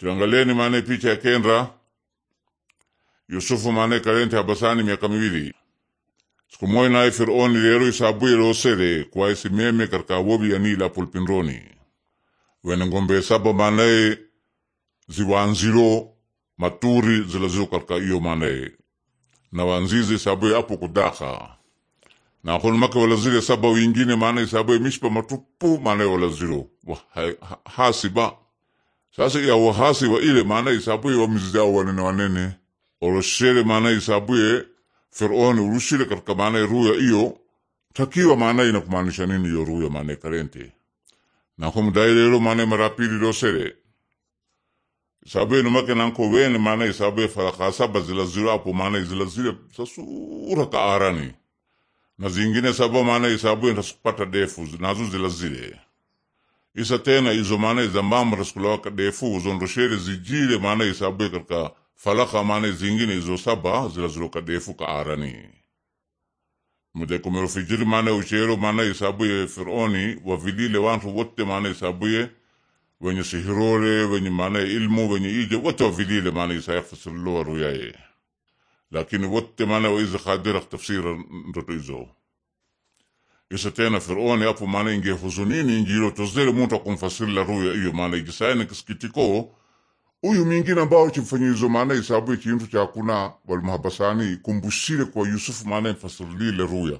Tuangalieni maana picha ya kendra Yusufu mane kalente habasani miaka miwili siku moya naye fironi lero isabuye losele kwa isimeme katika wobi nila pulpindroni wene ngombe saba manaye ziwanzilo maturi zilazio katika iyo manaye na wanzizi isabuye apo kudaka na kuna maka walazile saba wingine maana isabu mishpa matupu manaye walazilo hasiba sasa ya wahasi wa ile maana isabuye wamziza wanene wanene oroshele maana isabuye Firauni urushile katika maana ruya iyo takiwa maana inakumaanisha nini iyo ruya maana karente nako mudai lelo maana mara pili losere isabuye numake nanko wene maana isabuye faraka saba zilazira apo maana zilazira sasura arani na zingine saba maana isabuye ntasupata defu nazo zilazire isa tena izo mana izambamba raskuloaka defu uzondoshere zijile mana isabue katika falaka mana zingine izo saba zilaziloka defu ka arani kumero fijiri mana uchero mana isabuye fironi wavilile wantu wote mana isabuye wenye sihirore wenye maana ilmu wenye ije wote wavilile maana isayafasirlowa ruyaye lakini wote maana waizi khadira tafsira ndoto izo isa tena Fironi apo maana inge ingehuzunini ingilo tozere muntu la roho ya iyo maana igisaina kisikitiko uyu mingine ambao chimfanyizo maana isabu cha kuna walimhabasani kumbushire kwa Yusufu maana mfasiri imfasirilile roho ya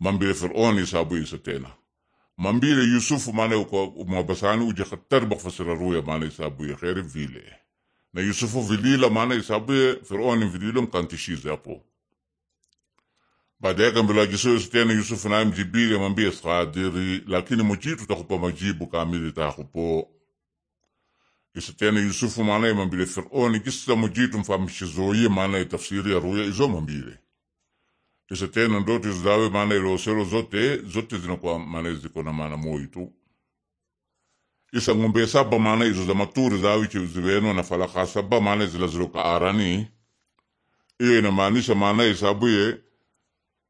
mambire Fironi isabu isa tena mambire Yusufu maana uko muhabasani uje khatar bakfasira roho ya maana isabu ya khair vile na Yusufu vilila maana isabu Firauni vililo mkantishize apo Baadaye akambela Kisoyosi tena Yusufu naye mjibili amwambia sikadiri lakini mujitu takupa majibu kamili takupo. Isa tena Yusufu maana mambile Firauni kisa mujitu mfamishizoye maana tafsiri ya ruya izo mambile Isa tena ndoto zawe maana ilosero zote zote zinakuwa maana ziko na maana moja tu. Isa ng'ombe saba maana izo za maturi zawe che chiziweno na falaka saba maana zila ziloka arani. Iyo inamaanisha maana isabuye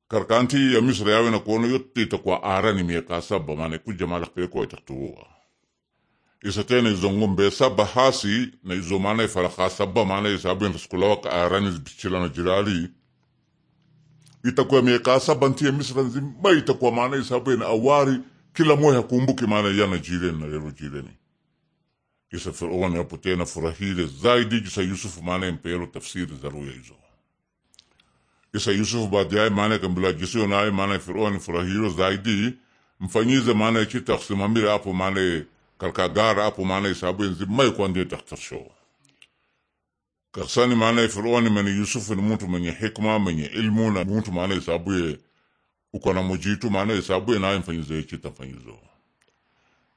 karkanti ya misra yawe na kuona yote itakuwa arani miaka saba maana peko itaktuuga isa tena izo ngombe saba hasi na izo maana ifaraka saba maana isabuentaskulawaka arani na jirali itakuwa miaka saba nti ya misra nzima itakuwa maana na awari kila moya kumbuki maana yana jireni na lelo jireni isa firauni apo tena furahile zaidi jisa yusufu maana mpeyelo tafsiri zaruya izo kisha Yusufu baadaye maana ikambilagisiwa naye maana Farao anifurahio zaidi mfanyize maana ichita kusimamira hapo maana karkagara hapo maana isabu nzimai kwandi taktasho kasani maana Farao ni mwenye Yusufu ni mtu mwenye hikma mwenye ilmu na mtu maana isabu uko na mujitu maana isabu naye mfanyize ichita mfanyizo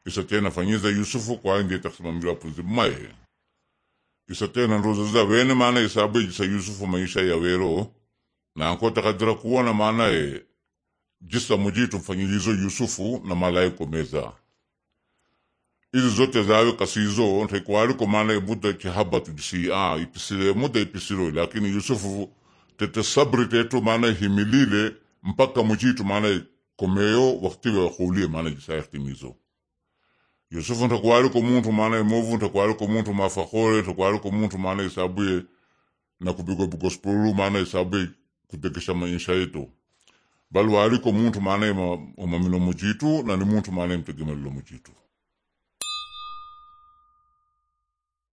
isa tena fanyiza Yusufu kwandi taksimamira hapo nzimai isa tena ndozo za wene maana isabu isa Yusufu maisha ya wero na nko takadira maana e jisa muji tumfanyilizo Yusufu na malaiko meza izi zote zawe kasizo ntaikwaliko e muda chihaba tujisi ah, ipisile muda ipisilo lakini Yusufu tete sabri tetu maanaye himilile mpaka mujitu e komeyo waktiwe wakulie maanaye jisayatimizo Yusufu ntakwaliko muntu maana e movu ntakwaliko muntu mafakore ntakwaliko muntu maanaye isabuye na kubigobigospuru maanaye isabuye kutekesha maisha yetu bali waliko muntu manaye omamilo mujitu ni muntu maana mtegemelilo mujitu